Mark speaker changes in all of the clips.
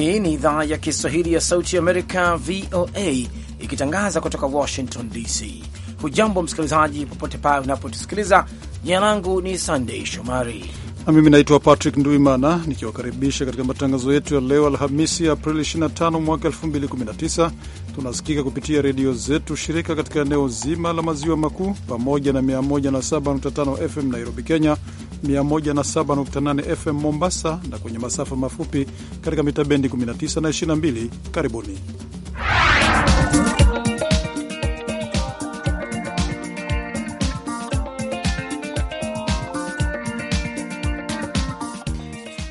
Speaker 1: Hii ni idhaa ya Kiswahili ya Sauti ya Amerika, VOA, ikitangaza kutoka Washington DC. Hujambo msikilizaji, popote pale unapotusikiliza. Jina langu ni Sandei Shomari
Speaker 2: na mimi naitwa Patrick Nduimana, nikiwakaribisha katika matangazo yetu ya leo Alhamisi, Aprili 25 mwaka 2019. Tunasikika kupitia redio zetu shirika katika eneo zima la maziwa makuu pamoja na 107.5 FM Nairobi, Kenya, 107.8 FM Mombasa na kwenye masafa mafupi katika mita bendi 19 na 22. Karibuni.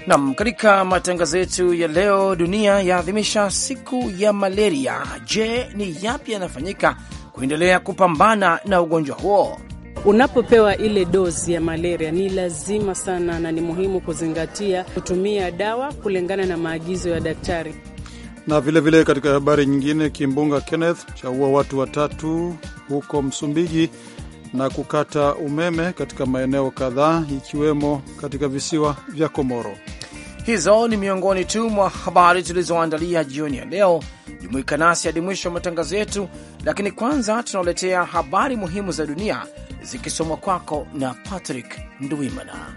Speaker 1: Nam, katika matangazo yetu ya leo, dunia yaadhimisha siku ya malaria. Je, ni yapi
Speaker 3: yanafanyika kuendelea kupambana na ugonjwa huo? Unapopewa ile dozi ya malaria, ni lazima sana na ni muhimu kuzingatia kutumia dawa kulingana na maagizo ya daktari.
Speaker 2: Na vilevile vile katika habari nyingine, kimbunga Kenneth chaua watu watatu huko Msumbiji na kukata umeme katika maeneo kadhaa ikiwemo katika visiwa vya Komoro. Hizo ni miongoni
Speaker 1: tu mwa habari tulizoandalia jioni ya leo. Jumuika nasi hadi mwisho wa matangazo yetu, lakini kwanza tunaoletea habari muhimu za dunia zikisomwa kwako na Patrick Ndwimana.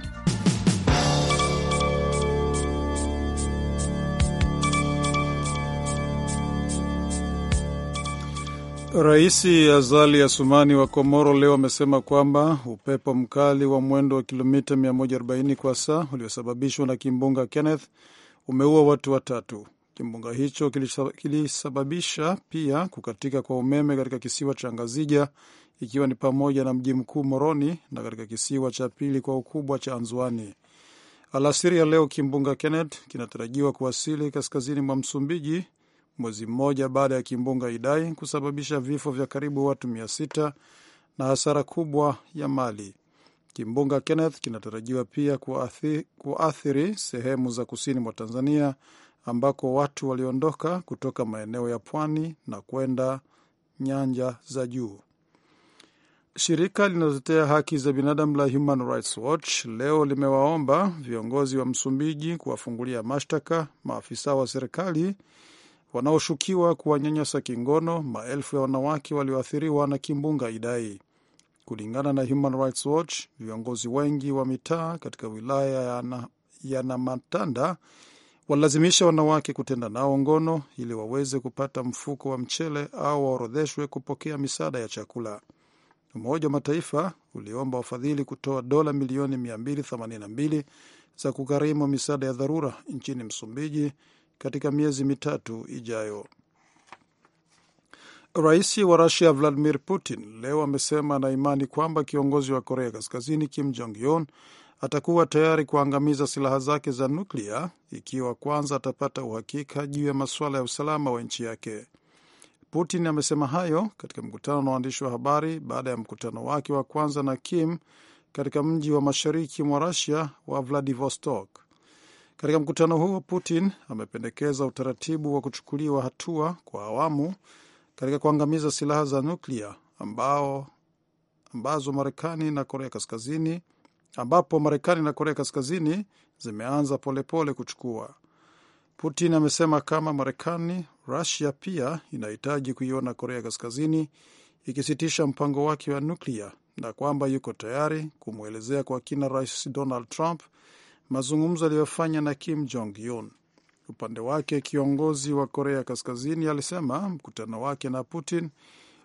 Speaker 2: Rais Azali Asumani wa Komoro leo amesema kwamba upepo mkali wa mwendo wa kilomita 140 kwa saa uliosababishwa na kimbunga Kenneth umeua watu watatu. Kimbunga hicho kilisababisha pia kukatika kwa umeme katika kisiwa cha Ngazija, ikiwa ni pamoja na mji mkuu Moroni na katika kisiwa cha pili kwa ukubwa cha Anzwani. Alasiri ya leo, kimbunga Kenneth kinatarajiwa kuwasili kaskazini mwa Msumbiji, mwezi mmoja baada ya kimbunga Idai kusababisha vifo vya karibu watu mia sita na hasara kubwa ya mali. Kimbunga Kenneth kinatarajiwa pia kuathiri sehemu za kusini mwa Tanzania ambako watu waliondoka kutoka maeneo ya pwani na kwenda nyanja za juu. Shirika linalotetea haki za binadamu la Human Rights Watch leo limewaomba viongozi wa Msumbiji kuwafungulia mashtaka maafisa wa serikali wanaoshukiwa kuwanyanyasa kingono maelfu ya wanawake walioathiriwa na kimbunga Idai. Kulingana na Human Rights Watch, viongozi wengi wa mitaa katika wilaya ya Namatanda na walazimisha wanawake kutenda nao ngono ili waweze kupata mfuko wa mchele au waorodheshwe kupokea misaada ya chakula. Umoja wa Mataifa uliomba wafadhili kutoa dola milioni 282 za kugharimu misaada ya dharura nchini Msumbiji katika miezi mitatu ijayo. Rais wa Rusia Vladimir Putin leo amesema ana imani kwamba kiongozi wa Korea Kaskazini Kim Jong Un atakuwa tayari kuangamiza silaha zake za nuklia ikiwa kwanza atapata uhakika juu ya masuala ya usalama wa nchi yake. Putin amesema hayo katika mkutano na waandishi wa habari baada ya mkutano wake wa kwanza na Kim katika mji wa mashariki mwa Rusia wa Vladivostok. Katika mkutano huo, Putin amependekeza utaratibu wa kuchukuliwa hatua kwa awamu katika kuangamiza silaha za nuklia ambao ambazo Marekani na Korea Kaskazini ambapo Marekani na Korea Kaskazini zimeanza polepole pole kuchukua. Putin amesema kama Marekani, Rusia pia inahitaji kuiona Korea Kaskazini ikisitisha mpango wake wa nuklia na kwamba yuko tayari kumwelezea kwa kina Rais Donald Trump mazungumzo aliyofanya na Kim Jong Un. Upande wake, kiongozi wa Korea Kaskazini alisema mkutano wake na Putin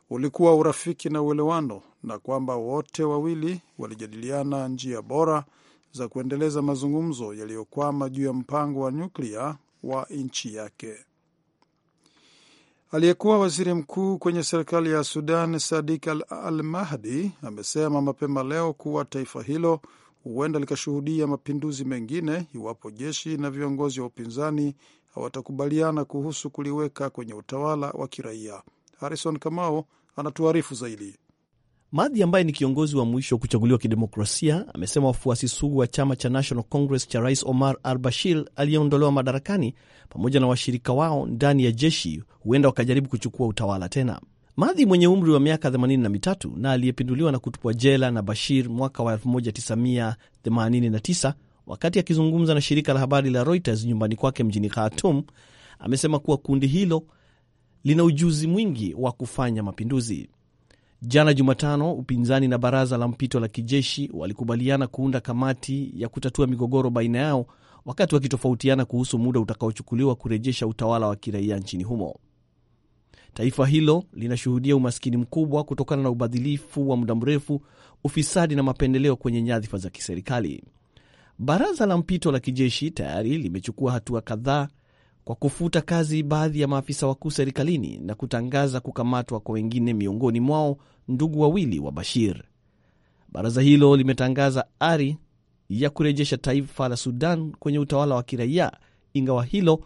Speaker 2: ulikuwa urafiki na uelewano na kwamba wote wawili walijadiliana njia bora za kuendeleza mazungumzo yaliyokwama juu ya mpango wa nyuklia wa nchi yake. Aliyekuwa waziri mkuu kwenye serikali ya Sudan, Sadik Al, Al Mahdi, amesema mapema leo kuwa taifa hilo huenda likashuhudia mapinduzi mengine iwapo jeshi na viongozi wa upinzani hawatakubaliana kuhusu kuliweka kwenye utawala wa kiraia. Harrison Kamao anatuarifu zaidi.
Speaker 4: madhi ambaye ni kiongozi wa mwisho kuchaguliwa kidemokrasia amesema wafuasi sugu wa chama cha National Congress cha Rais Omar al-Bashir aliyeondolewa madarakani pamoja na washirika wao ndani ya jeshi huenda wakajaribu kuchukua utawala tena. Madhi mwenye umri wa miaka 83 na aliyepinduliwa na kutupwa jela na Bashir mwaka wa 1989 wakati akizungumza na shirika la habari la Reuters nyumbani kwake mjini Khartoum, amesema kuwa kundi hilo lina ujuzi mwingi wa kufanya mapinduzi. Jana Jumatano, upinzani na baraza la mpito la kijeshi walikubaliana kuunda kamati ya kutatua migogoro baina yao, wakati wakitofautiana kuhusu muda utakaochukuliwa kurejesha utawala wa kiraia nchini humo. Taifa hilo linashuhudia umaskini mkubwa kutokana na ubadhilifu wa muda mrefu, ufisadi na mapendeleo kwenye nyadhifa za kiserikali. Baraza la mpito la kijeshi tayari limechukua hatua kadhaa kwa kufuta kazi baadhi ya maafisa wakuu serikalini na kutangaza kukamatwa kwa wengine, miongoni mwao ndugu wawili wa Bashir. Baraza hilo limetangaza ari ya kurejesha taifa la Sudan kwenye utawala wa kiraia, ingawa hilo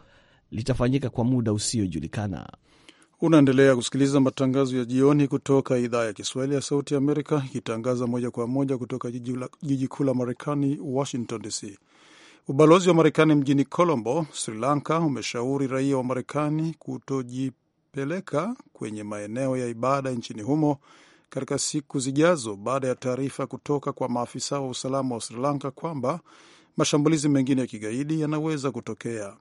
Speaker 4: litafanyika kwa muda usiojulikana.
Speaker 2: Unaendelea kusikiliza matangazo ya jioni kutoka idhaa ya Kiswahili ya Sauti ya Amerika, ikitangaza moja kwa moja kutoka jiji kuu la Marekani, Washington DC. Ubalozi wa Marekani mjini Colombo, Sri Lanka umeshauri raia wa Marekani kutojipeleka kwenye maeneo ya ibada nchini humo katika siku zijazo baada ya taarifa kutoka kwa maafisa wa usalama wa Sri Lanka kwamba mashambulizi mengine ya kigaidi yanaweza kutokea.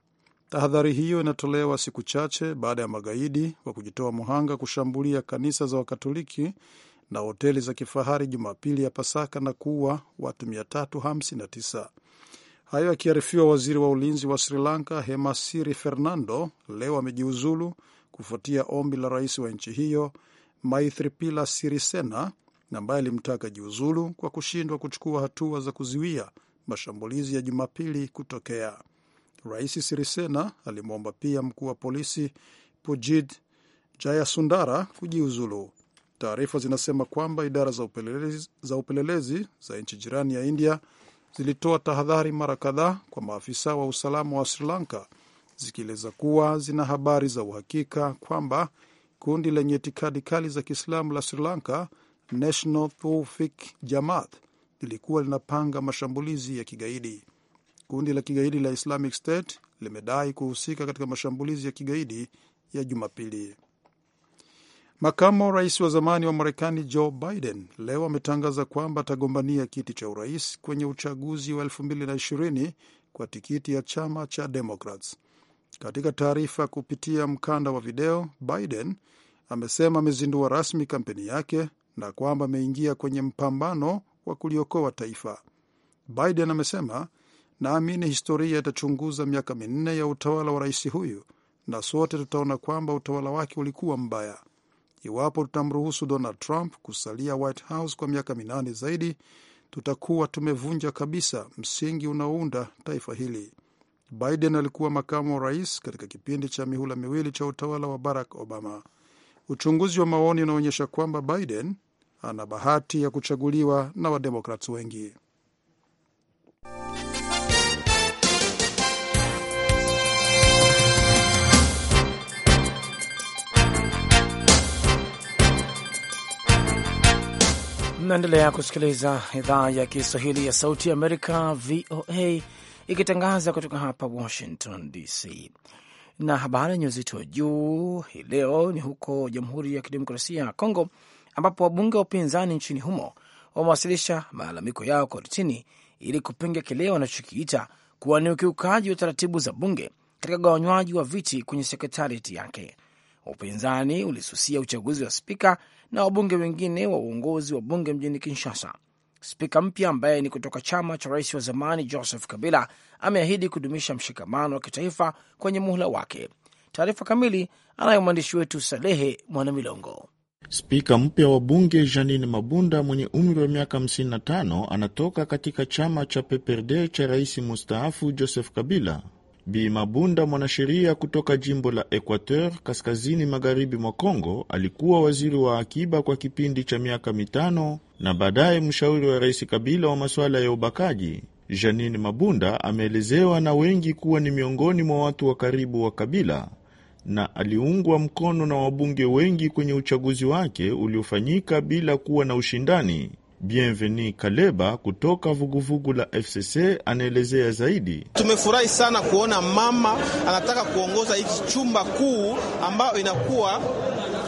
Speaker 2: Tahadhari hiyo inatolewa siku chache baada ya magaidi wa kujitoa muhanga kushambulia kanisa za Wakatoliki na hoteli za kifahari Jumapili ya Pasaka na kuua watu 359. Hayo akiarifiwa waziri wa ulinzi wa Sri Lanka Hemasiri Fernando leo amejiuzulu kufuatia ombi la rais wa nchi hiyo Maithripila Sirisena ambaye alimtaka jiuzulu kwa kushindwa kuchukua hatua za kuzuia mashambulizi ya Jumapili kutokea. Rais Sirisena alimwomba pia mkuu wa polisi Pujid Jayasundara kujiuzulu. Taarifa zinasema kwamba idara za upelelezi za, upelelezi za nchi jirani ya India zilitoa tahadhari mara kadhaa kwa maafisa wa usalama wa Sri Lanka zikieleza kuwa zina habari za uhakika kwamba kundi lenye itikadi kali za Kiislamu la Sri Lanka National Thawfik Jamaath, lilikuwa linapanga mashambulizi ya kigaidi. Kundi la kigaidi la Islamic State limedai kuhusika katika mashambulizi ya kigaidi ya Jumapili. Makamu rais wa zamani wa Marekani Joe Biden leo ametangaza kwamba atagombania kiti cha urais kwenye uchaguzi wa 2020 kwa tikiti ya chama cha Democrats. Katika taarifa kupitia mkanda wa video, Biden amesema amezindua rasmi kampeni yake na kwamba ameingia kwenye mpambano wa kuliokoa taifa. Biden amesema, naamini historia itachunguza miaka minne ya utawala wa rais huyu na sote tutaona kwamba utawala wake ulikuwa mbaya. Iwapo tutamruhusu Donald Trump kusalia White House kwa miaka minane zaidi, tutakuwa tumevunja kabisa msingi unaounda taifa hili. Biden alikuwa makamu wa rais katika kipindi cha mihula miwili cha utawala wa Barack Obama. Uchunguzi wa maoni unaonyesha kwamba Biden ana bahati ya kuchaguliwa na Wademokrats wengi.
Speaker 1: Mnaendelea kusikiliza idhaa ya Kiswahili ya Sauti ya Amerika, VOA, ikitangaza kutoka hapa Washington DC. Na habari yenye uzito wa juu hii leo ni huko Jamhuri ya Kidemokrasia ya Kongo, ambapo wabunge wa upinzani nchini humo wamewasilisha malalamiko yao kortini ili kupinga kile wanachokiita kuwa ni ukiukaji wa taratibu za bunge katika ugawanywaji wa viti kwenye sekretarieti yake. Upinzani ulisusia uchaguzi wa spika na wabunge wengine wa uongozi wa bunge mjini Kinshasa. Spika mpya ambaye ni kutoka chama cha rais wa zamani Joseph Kabila ameahidi kudumisha mshikamano wa kitaifa kwenye muhula wake. Taarifa kamili anayo mwandishi wetu Salehe Mwanamilongo.
Speaker 5: Spika mpya wa bunge Janine Mabunda mwenye umri wa miaka 55 anatoka katika chama cha PPRD cha rais mustaafu Joseph Kabila Bi Mabunda, mwanasheria kutoka jimbo la Equateur kaskazini magharibi mwa congo alikuwa waziri wa akiba kwa kipindi cha miaka mitano na baadaye mshauri wa rais Kabila wa masuala ya ubakaji. Janine Mabunda ameelezewa na wengi kuwa ni miongoni mwa watu wa karibu wa Kabila na aliungwa mkono na wabunge wengi kwenye uchaguzi wake uliofanyika bila kuwa na ushindani. Bienveni Kaleba kutoka vuguvugu la FCC anaelezea zaidi. Tumefurahi sana kuona mama
Speaker 6: anataka kuongoza hiki chumba kuu ambayo inakuwa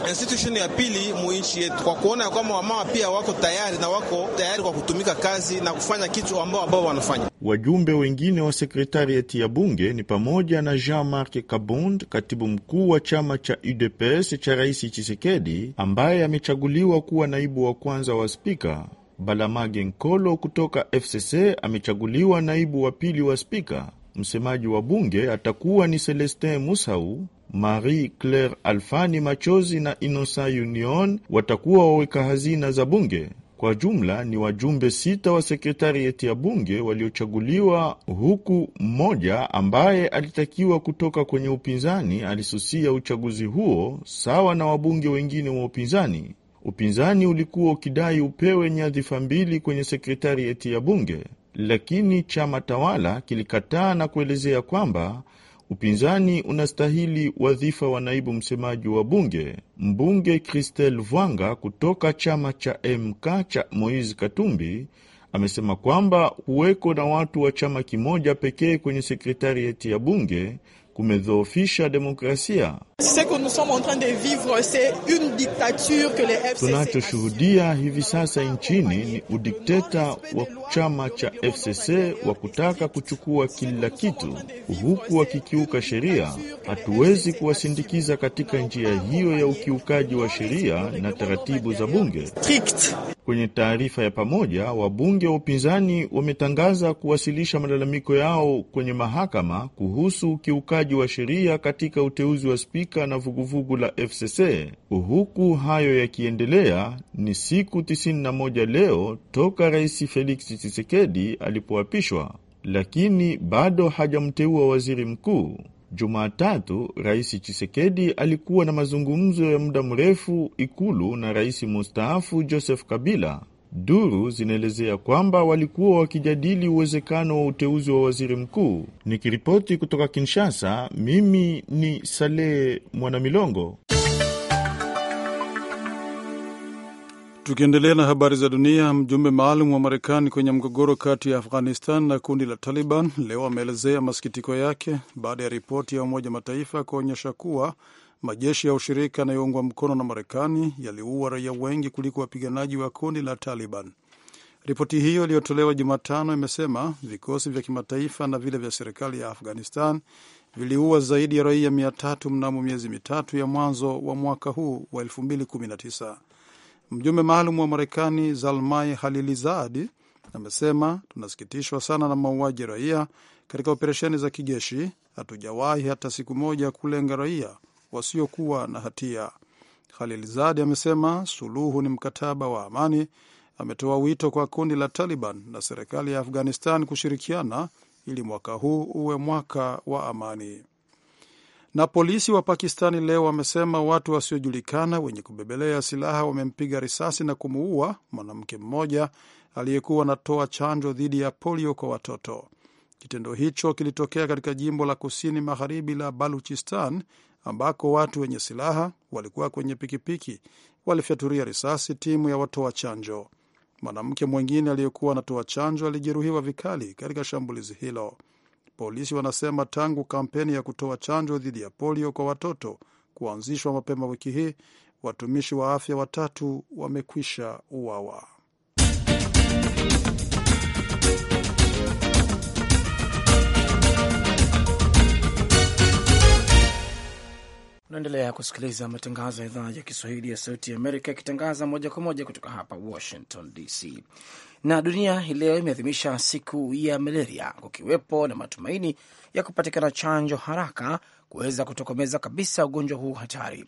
Speaker 6: institution ya pili mu nchi yetu, kwa kuona kwamba wamama pia wako tayari na wako tayari kwa kutumika kazi na
Speaker 5: kufanya kitu ambao ambao wanafanya. Wajumbe wengine wa sekretarieti ya bunge ni pamoja na Jean-Marc Kabund, katibu mkuu wa chama cha UDPS cha Rais chisekedi ambaye amechaguliwa kuwa naibu wa kwanza wa spika. Balamage Nkolo kutoka FCC amechaguliwa naibu wa pili wa spika. Msemaji wa bunge atakuwa ni Celestin Musau. Marie Claire Alfani Machozi na Inosa Union watakuwa waweka hazina za bunge. Kwa jumla ni wajumbe sita wa sekretarieti ya bunge waliochaguliwa, huku mmoja ambaye alitakiwa kutoka kwenye upinzani alisusia uchaguzi huo sawa na wabunge wengine wa upinzani. Upinzani ulikuwa ukidai upewe nyadhifa mbili kwenye sekretarieti ya bunge, lakini chama tawala kilikataa na kuelezea kwamba upinzani unastahili wadhifa wa naibu msemaji wa bunge. Mbunge Christel Vwanga kutoka chama cha MK cha Moise Katumbi amesema kwamba huweko na watu wa chama kimoja pekee kwenye sekretarieti ya bunge kumedhoofisha demokrasia. Tunachoshuhudia hivi sasa nchini ni udikteta wa chama cha FCC wa kutaka kuchukua kila kitu huku wakikiuka sheria. Hatuwezi kuwasindikiza katika njia hiyo ya ukiukaji wa sheria na taratibu za bunge. Kwenye taarifa ya pamoja, wabunge wa upinzani wametangaza kuwasilisha malalamiko yao kwenye mahakama kuhusu ukiukaji wa sheria katika uteuzi wa spika na vuguvugu la FCC. Huku hayo yakiendelea, ni siku 91 leo toka Rais Felix Tshisekedi alipoapishwa, lakini bado hajamteua waziri mkuu. Jumatatu, Rais Chisekedi alikuwa na mazungumzo ya muda mrefu Ikulu na rais mustaafu Joseph Kabila. Duru zinaelezea kwamba walikuwa wakijadili uwezekano wa uteuzi wa waziri mkuu. Nikiripoti kutoka Kinshasa,
Speaker 2: mimi ni Saleh Mwanamilongo. Tukiendelea na habari za dunia, mjumbe maalum wa Marekani kwenye mgogoro kati ya Afghanistan na kundi la Taliban leo ameelezea masikitiko yake baada ya ripoti ya Umoja Mataifa kuonyesha kuwa majeshi ya ushirika yanayoungwa mkono na Marekani yaliua raia wengi kuliko wapiganaji wa kundi la Taliban. Ripoti hiyo iliyotolewa Jumatano imesema vikosi vya kimataifa na vile vya serikali ya Afghanistan viliua zaidi ya raia mia tatu mnamo miezi mitatu ya mwanzo wa mwaka huu wa 2019. Mjumbe maalum wa Marekani Zalmai Khalilizad amesema tunasikitishwa sana na mauaji raia katika operesheni za kijeshi. Hatujawahi hata siku moja kulenga raia wasiokuwa na hatia. Khalilzad amesema suluhu ni mkataba wa amani. Ametoa wito kwa kundi la Taliban na serikali ya Afghanistan kushirikiana ili mwaka huu uwe mwaka wa amani. Na polisi wa Pakistani leo wamesema watu wasiojulikana wenye kubebelea silaha wamempiga risasi na kumuua mwanamke mmoja aliyekuwa anatoa chanjo dhidi ya polio kwa watoto. Kitendo hicho kilitokea katika jimbo la kusini magharibi la Baluchistan ambako watu wenye silaha walikuwa kwenye pikipiki walifyaturia risasi timu ya watoa chanjo. Mwanamke mwingine aliyekuwa anatoa chanjo alijeruhiwa vikali katika shambulizi hilo. Polisi wanasema tangu kampeni ya kutoa chanjo dhidi ya polio kwa watoto kuanzishwa mapema wiki hii, watumishi wa afya watatu wamekwisha uawa.
Speaker 1: Unaendelea kusikiliza matangazo ya idhaa ya Kiswahili ya Sauti ya Amerika, ikitangaza moja kwa moja kutoka hapa Washington DC. Na dunia hii leo imeadhimisha siku ya malaria, kukiwepo na matumaini ya kupatikana chanjo haraka kuweza kutokomeza kabisa ugonjwa huu hatari.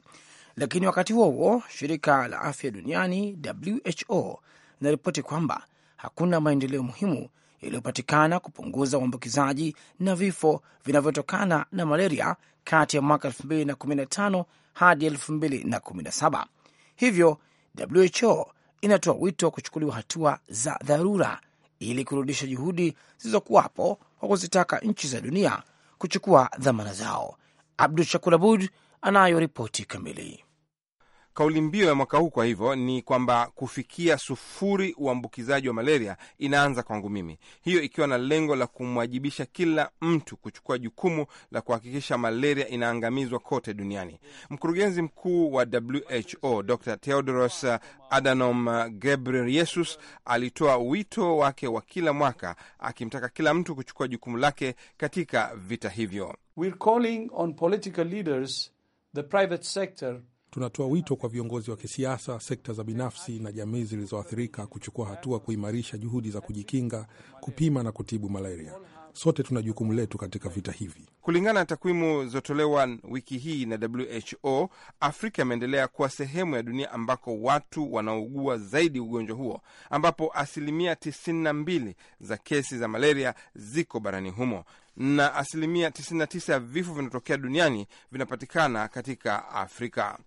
Speaker 1: Lakini wakati huo huo, shirika la afya duniani WHO linaripoti kwamba hakuna maendeleo muhimu yaliyopatikana kupunguza uambukizaji na vifo vinavyotokana na malaria kati ya mwaka 2015 hadi 2017. Hivyo WHO inatoa wito wa kuchukuliwa hatua za dharura ili kurudisha juhudi zilizokuwapo kwa kuzitaka nchi za dunia kuchukua dhamana zao.
Speaker 6: Abdu Shakur Abud anayo ripoti kamili. Kauli mbio ya mwaka huu kwa hivyo ni kwamba kufikia sufuri uambukizaji wa malaria inaanza kwangu mimi, hiyo ikiwa na lengo la kumwajibisha kila mtu kuchukua jukumu la kuhakikisha malaria inaangamizwa kote duniani. Mkurugenzi mkuu wa WHO Dr Theodros Adhanom Ghebreyesus alitoa wito wake wa kila mwaka akimtaka kila mtu kuchukua jukumu lake katika vita hivyo.
Speaker 2: We're calling on political leaders, the private sector Tunatoa wito kwa viongozi wa kisiasa,
Speaker 6: sekta za binafsi na jamii zilizoathirika kuchukua hatua kuimarisha juhudi za kujikinga, kupima na kutibu malaria. Sote tuna jukumu letu katika vita hivi. Kulingana na takwimu zilizotolewa wiki hii na WHO, Afrika imeendelea kuwa sehemu ya dunia ambako watu wanaougua zaidi ugonjwa huo, ambapo asilimia 92 za kesi za malaria ziko barani humo na asilimia 99 ya vifo vinaotokea duniani vinapatikana katika Afrika.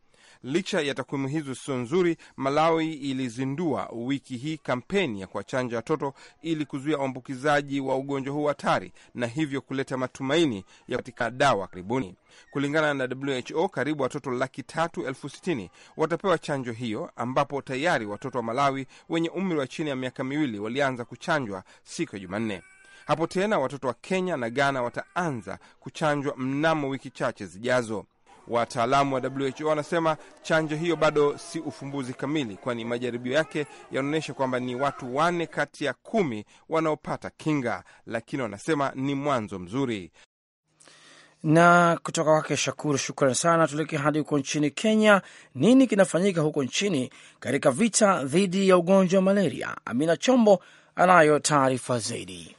Speaker 6: Licha ya takwimu hizo sio nzuri, Malawi ilizindua wiki hii kampeni ya kuwachanja watoto ili kuzuia uambukizaji wa ugonjwa huu hatari, na hivyo kuleta matumaini ya katika dawa karibuni. Kulingana na WHO, karibu watoto laki tatu elfu sitini watapewa chanjo hiyo, ambapo tayari watoto wa Malawi wenye umri wa chini ya miaka miwili walianza kuchanjwa siku ya Jumanne. Hapo tena watoto wa Kenya na Ghana wataanza kuchanjwa mnamo wiki chache zijazo. Wataalamu wa WHO wanasema chanjo hiyo bado si ufumbuzi kamili, kwani majaribio yake yanaonyesha kwamba ni watu wane kati ya kumi wanaopata kinga, lakini wanasema ni mwanzo mzuri.
Speaker 1: Na kutoka kwake Shakuru, shukran sana. Tuelekee hadi huko nchini Kenya. Nini kinafanyika huko nchini katika vita dhidi ya ugonjwa wa malaria? Amina Chombo anayo taarifa zaidi.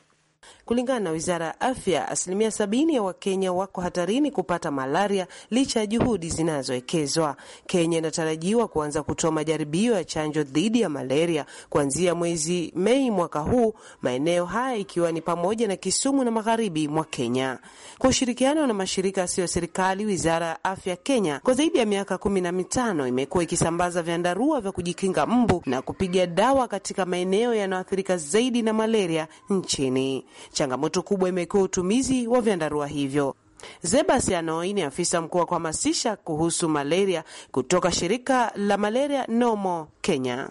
Speaker 3: Kulingana na wizara ya afya, asilimia sabini ya Wakenya wako hatarini kupata malaria licha ya juhudi zinazowekezwa. Kenya inatarajiwa kuanza kutoa majaribio ya chanjo dhidi ya malaria kuanzia mwezi Mei mwaka huu, maeneo haya ikiwa ni pamoja na Kisumu na magharibi mwa Kenya, kwa ushirikiano na mashirika yasiyo ya serikali. Wizara ya afya Kenya kwa zaidi ya miaka kumi na mitano imekuwa ikisambaza vyandarua vya kujikinga mbu na kupiga dawa katika maeneo yanayoathirika zaidi na malaria nchini. Changamoto kubwa imekuwa utumizi wa vyandarua hivyo. Zebas Yanoi ni afisa mkuu wa kuhamasisha kuhusu malaria kutoka shirika la Malaria Nomo. Kenya.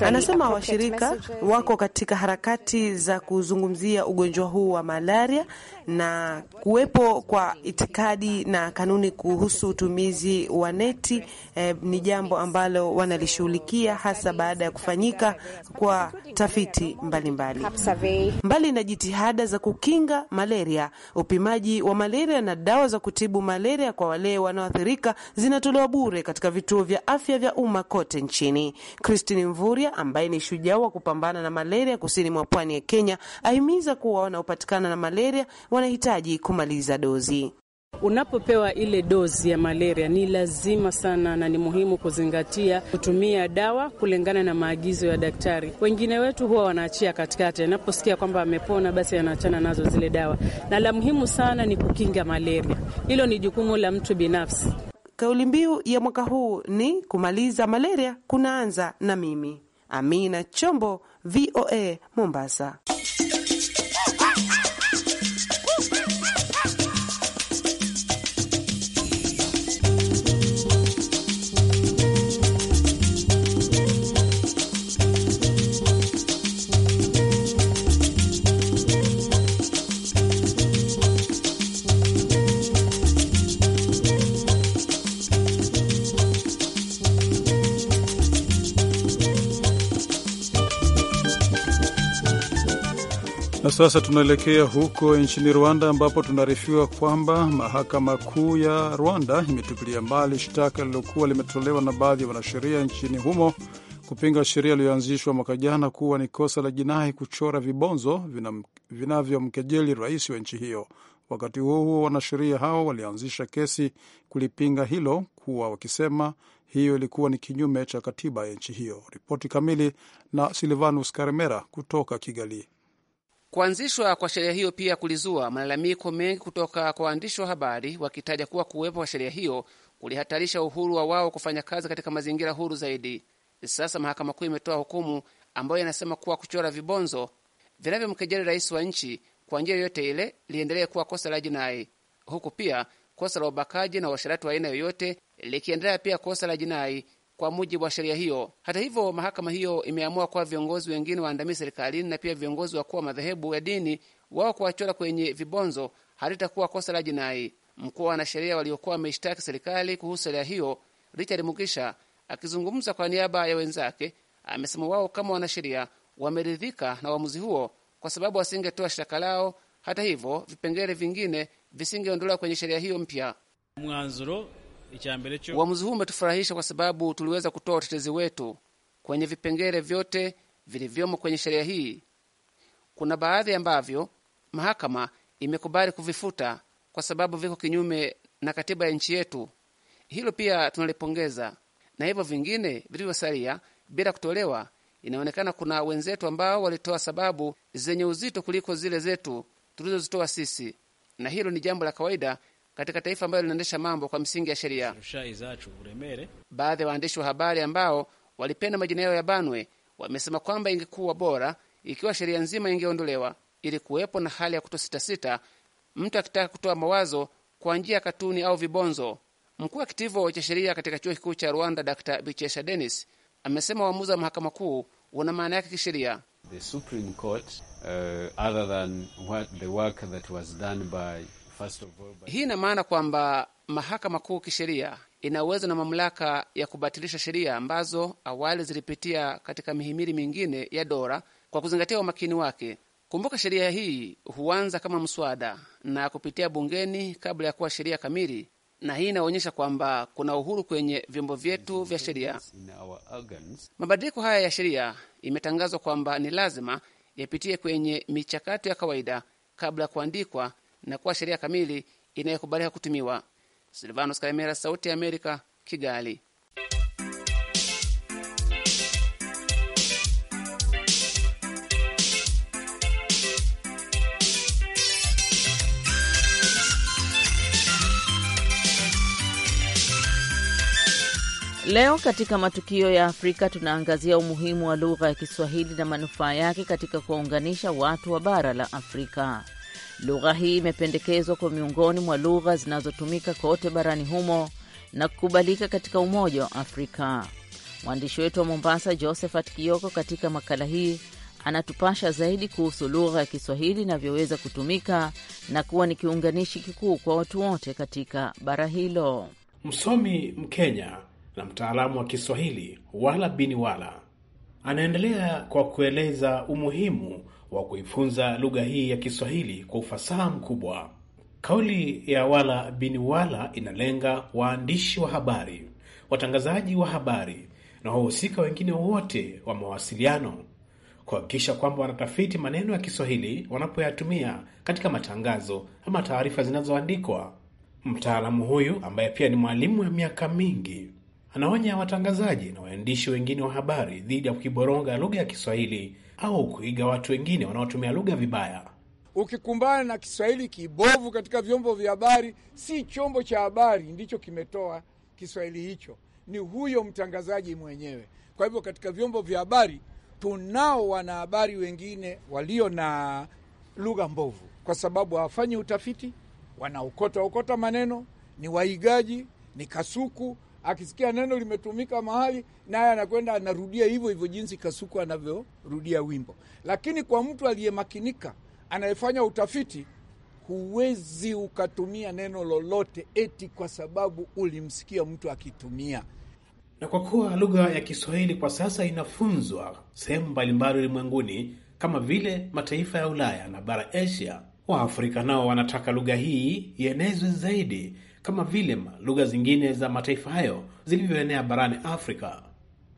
Speaker 3: Anasema washirika wako katika harakati za kuzungumzia ugonjwa huu wa malaria na kuwepo kwa itikadi na kanuni kuhusu utumizi wa neti eh, ni jambo ambalo wanalishughulikia hasa baada ya kufanyika kwa tafiti mbalimbali mbali. Mbali na jitihada za kukinga malaria, upimaji wa malaria na dawa za kutibu malaria kwa wale wanaoathirika zinatolewa bure katika vituo vya afya vya umma kote nchini. Christine Mvurya ambaye ni shujaa wa kupambana na malaria kusini mwa pwani ya Kenya ahimiza kuwa wanaopatikana na malaria wanahitaji kumaliza dozi. Unapopewa ile dozi ya malaria ni lazima sana na ni muhimu kuzingatia kutumia dawa kulingana na maagizo ya daktari. Wengine wetu huwa wanaachia katikati, anaposikia kwamba amepona, basi anaachana nazo zile dawa, na la muhimu sana ni kukinga malaria. Hilo ni jukumu la mtu binafsi. Kauli mbiu ya mwaka huu ni kumaliza malaria kunaanza na mimi. Amina Chombo, VOA Mombasa.
Speaker 2: Na sasa tunaelekea huko nchini Rwanda ambapo tunaarifiwa kwamba mahakama kuu ya Rwanda imetupilia mbali shtaka lililokuwa limetolewa na baadhi ya wanasheria nchini humo kupinga sheria iliyoanzishwa mwaka jana kuwa ni kosa la jinai kuchora vibonzo vinavyomkejeli rais wa nchi hiyo. Wakati huo huo, wanasheria hao walianzisha kesi kulipinga hilo, kuwa wakisema hiyo ilikuwa ni kinyume cha katiba ya nchi hiyo. Ripoti kamili na Silvanus Karemera kutoka Kigali.
Speaker 7: Kuanzishwa kwa sheria hiyo pia kulizua malalamiko mengi kutoka kwa waandishi wa habari, wakitaja kuwa kuwepo kwa sheria hiyo kulihatarisha uhuru wa wao kufanya kazi katika mazingira huru zaidi. Sasa mahakama kuu imetoa hukumu ambayo inasema kuwa kuchora vibonzo vinavyomkejeli rais wa nchi kwa njia yoyote ile liendelee kuwa kosa la jinai, huku pia kosa la ubakaji na uasharati wa aina yoyote likiendelea pia kosa la jinai kwa mujibu wa sheria hiyo. Hata hivyo, mahakama hiyo imeamua kuwa viongozi wengine waandamizi serikalini na pia viongozi wakuu wa madhehebu ya dini wao kuwachora kwenye vibonzo halitakuwa kosa la jinai. Mkuu wa wanasheria waliokuwa wameishtaki serikali kuhusu sheria hiyo, Richard Mugisha, akizungumza kwa niaba ya wenzake, amesema wao kama wanasheria wameridhika na uamuzi huo kwa sababu wasingetoa shtaka lao. Hata hivyo, vipengele vingine visingeondolewa kwenye sheria hiyo mpya
Speaker 8: mwanzuro Uamuzi
Speaker 7: huu umetufurahisha kwa sababu tuliweza kutoa utetezi wetu kwenye vipengele vyote vilivyomo kwenye sheria hii. Kuna baadhi ambavyo mahakama imekubali kuvifuta kwa sababu viko kinyume na katiba ya nchi yetu. Hilo pia tunalipongeza, na hivyo vingine vilivyosalia bila kutolewa, inaonekana kuna wenzetu ambao walitoa sababu zenye uzito kuliko zile zetu tulizozitoa sisi, na hilo ni jambo la kawaida katika taifa ambalo linaendesha mambo kwa msingi ya sheria. Baadhi ya waandishi wa habari ambao walipenda majina yao ya banwe wamesema kwamba ingekuwa bora ikiwa sheria nzima ingeondolewa ili kuwepo na hali ya kutositasita mtu akitaka kutoa mawazo kwa njia ya katuni au vibonzo. Mkuu wa kitivo cha sheria katika chuo kikuu cha Rwanda, Dr Bichesha Denis, amesema uamuzi wa mahakama kuu una maana yake kisheria.
Speaker 9: The
Speaker 8: Supreme Court, uh, other than what the work that was done by
Speaker 7: hii ina maana kwamba mahakama kuu kisheria ina uwezo na mamlaka ya kubatilisha sheria ambazo awali zilipitia katika mihimili mingine ya dola kwa kuzingatia umakini wake. Kumbuka, sheria hii huanza kama mswada na kupitia bungeni kabla ya kuwa sheria kamili, na hii inaonyesha kwamba kuna uhuru kwenye vyombo vyetu vya sheria. Mabadiliko haya ya sheria imetangazwa kwamba ni lazima yapitie kwenye michakato ya kawaida kabla ya kuandikwa na kuwa sheria kamili inayokubalika kutumiwa. Silvanos Kalemera, Sauti ya Amerika, Kigali.
Speaker 3: Leo katika matukio ya Afrika tunaangazia umuhimu wa lugha ya Kiswahili na manufaa yake katika kuwaunganisha watu wa bara la Afrika. Lugha hii imependekezwa kwa miongoni mwa lugha zinazotumika kote barani humo na kukubalika katika Umoja wa Afrika. Mwandishi wetu wa Mombasa, Josephat Kioko, katika makala hii anatupasha zaidi kuhusu lugha ya Kiswahili inavyoweza kutumika na kuwa ni kiunganishi kikuu kwa watu wote katika bara hilo.
Speaker 8: Msomi Mkenya na mtaalamu wa Kiswahili Wala Bini Wala Anaendelea kwa kueleza umuhimu wa kuifunza lugha hii ya Kiswahili kwa ufasaha mkubwa. Kauli ya wala bin wala inalenga waandishi wa habari, watangazaji wa habari na wahusika wengine wote wa mawasiliano, kuhakikisha kwamba wanatafiti maneno ya Kiswahili wanapoyatumia katika matangazo ama taarifa zinazoandikwa. Mtaalamu huyu ambaye pia ni mwalimu wa miaka mingi Anaonya watangazaji na waandishi wengine wa habari dhidi ya kukiboronga lugha ya Kiswahili au kuiga watu wengine wanaotumia lugha vibaya.
Speaker 9: Ukikumbana na Kiswahili kibovu katika vyombo vya habari, si chombo cha habari ndicho kimetoa Kiswahili hicho, ni huyo mtangazaji mwenyewe. Kwa hivyo katika vyombo vya habari tunao wanahabari wengine walio na lugha mbovu, kwa sababu hawafanyi utafiti, wanaokota okota maneno, ni waigaji, ni kasuku, akisikia neno limetumika mahali, naye anakwenda anarudia hivyo hivyo jinsi Kasuku anavyorudia wimbo. Lakini kwa mtu aliyemakinika, anayefanya utafiti, huwezi ukatumia neno lolote eti kwa sababu ulimsikia mtu akitumia. Na kwa kuwa lugha ya Kiswahili kwa sasa inafunzwa
Speaker 8: sehemu mbalimbali ulimwenguni kama vile mataifa ya Ulaya na bara Asia, Waafrika nao wanataka lugha hii ienezwe zaidi kama vile lugha zingine za mataifa hayo zilivyoenea barani Afrika.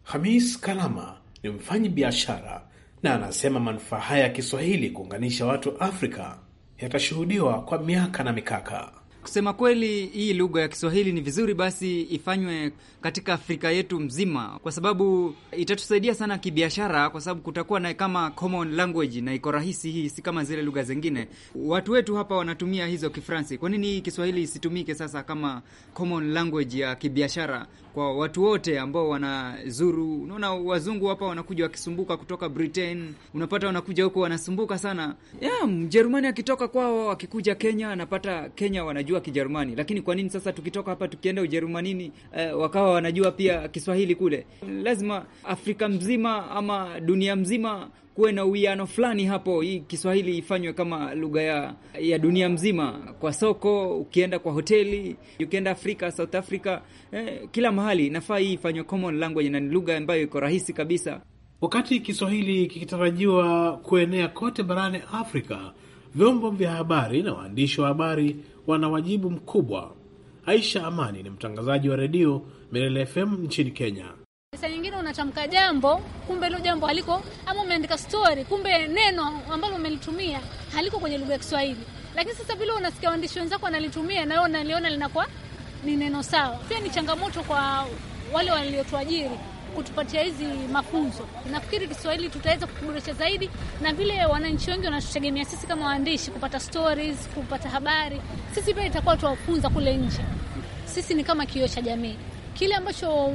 Speaker 8: Hamis Kalama ni mfanyi biashara na anasema manufaa haya ya Kiswahili kuunganisha watu Afrika yatashuhudiwa kwa miaka na mikaka. Kusema kweli, hii lugha ya Kiswahili ni vizuri basi ifanywe katika Afrika yetu mzima, kwa sababu itatusaidia sana kibiashara, kwa sababu kutakuwa na kama common language na iko rahisi. Hii si kama zile lugha zingine. Watu wetu hapa wanatumia hizo Kifransi, kwa nini hii Kiswahili isitumike sasa kama common language ya kibiashara? kwa watu wote ambao wanazuru. Unaona wazungu hapa wanakuja wakisumbuka kutoka Britain, unapata wanakuja huko wanasumbuka sana. Yeah, Mjerumani akitoka kwao akikuja Kenya anapata Kenya wanajua Kijerumani, lakini kwa nini sasa tukitoka hapa tukienda Ujerumanini eh, wakawa wanajua pia Kiswahili kule? Lazima Afrika mzima ama dunia mzima kuwe na uwiano fulani hapo, hii Kiswahili ifanywe kama lugha ya, ya dunia mzima, kwa soko, ukienda kwa hoteli, ukienda Afrika, South Africa, eh, kila mahali nafaa hii ifanywe common language na lugha ambayo iko rahisi kabisa. Wakati Kiswahili kikitarajiwa kuenea kote barani Afrika, vyombo vya habari na waandishi wa habari wana wajibu mkubwa. Aisha Amani ni mtangazaji wa redio Milele FM nchini Kenya.
Speaker 7: Saa nyingine unachamka jambo, kumbe hilo jambo haliko, ama umeandika story, kumbe neno ambalo umelitumia haliko kwenye lugha ya Kiswahili. Lakini sasa vile unasikia waandishi wenzako wanalitumia, na wewe unaliona linakuwa ni neno sawa. Pia ni changamoto kwa wale waliotuajiri kutupatia hizi mafunzo. Nafikiri Kiswahili tutaweza kukiboresha zaidi, na vile wananchi wengi wanatutegemea sisi kama waandishi kupata stories, kupata habari, sisi pia itakuwa tuwafunza kule nje. Sisi ni kama kioo cha jamii, kile ambacho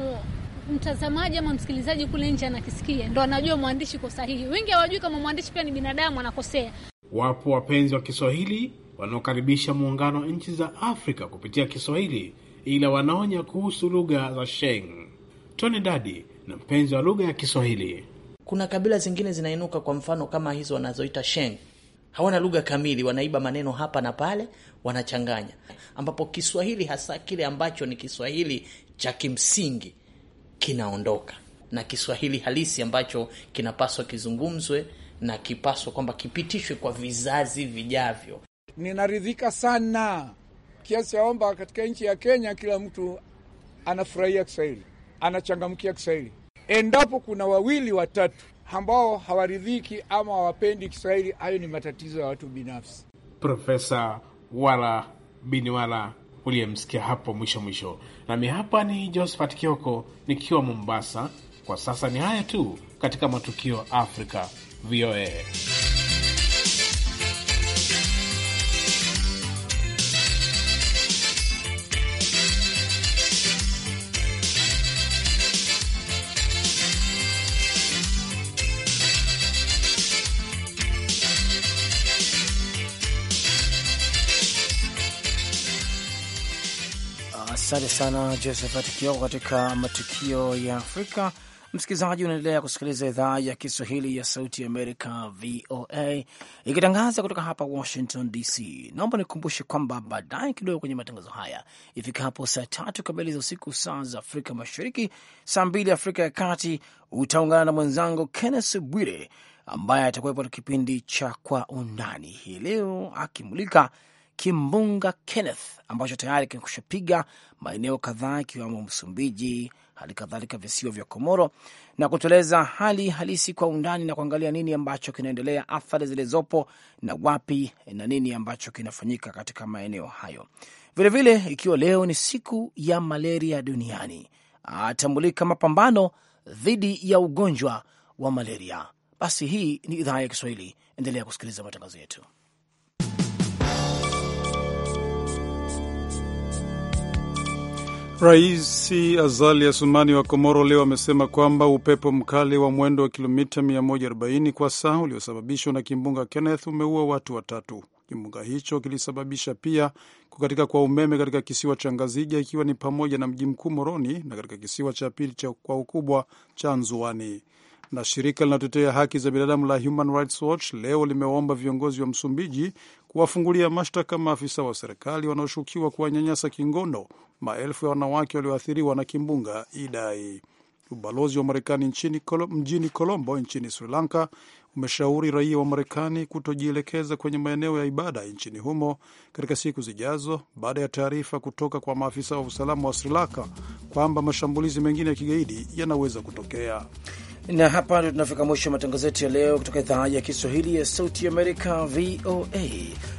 Speaker 7: mtazamaji ama msikilizaji kule nje anakisikia, ndo anajua mwandishi kwa sahihi. Wengi hawajui kama mwandishi pia ni binadamu, anakosea.
Speaker 8: Wapo wapenzi wa Kiswahili wanaokaribisha muungano wa nchi za Afrika kupitia Kiswahili, ila wanaonya kuhusu lugha za Sheng. Tony Dadi na mpenzi wa lugha ya Kiswahili. Kuna kabila zingine zinainuka, kwa mfano kama
Speaker 1: hizo wanazoita Sheng, hawana lugha kamili, wanaiba maneno hapa na pale, wanachanganya, ambapo Kiswahili hasa kile ambacho ni Kiswahili cha kimsingi kinaondoka na Kiswahili halisi ambacho kinapaswa kizungumzwe na kipaswa kwamba kipitishwe kwa vizazi vijavyo.
Speaker 9: Ninaridhika sana kiasi yaomba katika nchi ya Kenya kila mtu anafurahia Kiswahili, anachangamkia Kiswahili. Endapo kuna wawili watatu ambao hawaridhiki ama hawapendi Kiswahili, hayo ni matatizo ya watu binafsi.
Speaker 8: Profesa Wala Binwala uliyemsikia hapo mwisho mwisho. Nami hapa ni Josephat Kioko nikiwa Mombasa. Kwa sasa ni haya tu katika matukio Afrika VOA.
Speaker 1: Asante sana Josephat Kioko katika matukio ya Afrika. Msikilizaji, unaendelea kusikiliza idhaa ya Kiswahili ya Sauti ya Amerika, VOA, ikitangaza kutoka hapa Washington DC. Naomba nikumbushe kwamba baadaye kidogo kwenye matangazo haya ifikapo saa tatu kamili za usiku, saa za Afrika Mashariki, saa mbili Afrika ya Kati, utaungana na mwenzangu Kenneth Bwire ambaye atakuwepo na kipindi cha Kwa Undani hii leo akimulika kimbunga Kenneth ambacho tayari kimekushapiga maeneo kadhaa ikiwemo Msumbiji, hali kadhalika visiwa vya Komoro, na kutueleza hali halisi kwa undani na kuangalia nini ambacho kinaendelea, athari zilizopo na wapi na nini ambacho kinafanyika katika maeneo hayo. Vilevile vile, ikiwa leo ni siku ya malaria duniani, atambulika mapambano dhidi ya ugonjwa wa malaria. Basi hii ni idhaa ya Kiswahili, endelea kusikiliza matangazo yetu.
Speaker 2: Rais Azali Asumani wa Komoro leo amesema kwamba upepo mkali wa mwendo wa kilomita 140 kwa saa uliosababishwa na kimbunga Kenneth umeua watu watatu. Kimbunga hicho kilisababisha pia kukatika kwa umeme katika kisiwa cha Ngazija, ikiwa ni pamoja na mji mkuu Moroni na katika kisiwa cha pili kwa ukubwa cha Nzuani. Na shirika linalotetea haki za binadamu la Human Rights Watch leo limewaomba viongozi wa Msumbiji kuwafungulia mashtaka maafisa wa serikali wanaoshukiwa kuwanyanyasa kingono maelfu ya wanawake walioathiriwa na kimbunga Idai. Ubalozi wa Marekani mjini Colombo nchini Sri Lanka umeshauri raia wa Marekani kutojielekeza kwenye maeneo ya ibada nchini humo katika siku zijazo baada ya taarifa kutoka kwa maafisa wa usalama wa Sri Lanka kwamba mashambulizi mengine ya kigaidi yanaweza
Speaker 1: kutokea na hapa ndio tunafika mwisho wa matangazo yetu ya leo kutoka idhaa ya Kiswahili ya Sauti Amerika, VOA.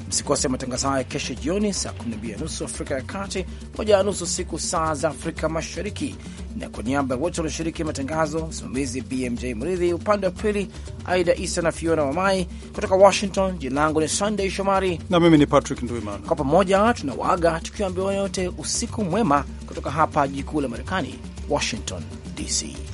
Speaker 1: Msikose matangazo haya kesho jioni saa 12 nusu Afrika ya Kati, moja na nusu siku saa za Afrika Mashariki. Na kwa niaba ya wote walioshiriki matangazo, msimamizi BMJ Mridhi, upande wa pili Aida Isa na Fiona Wamai kutoka Washington. Jina langu ni Sunday Shomari
Speaker 2: na mimi ni Patrick Nduimana.
Speaker 1: Kwa pamoja tunawaaga tukiwaambia wote usiku mwema kutoka hapa jikuu la Marekani, Washington DC.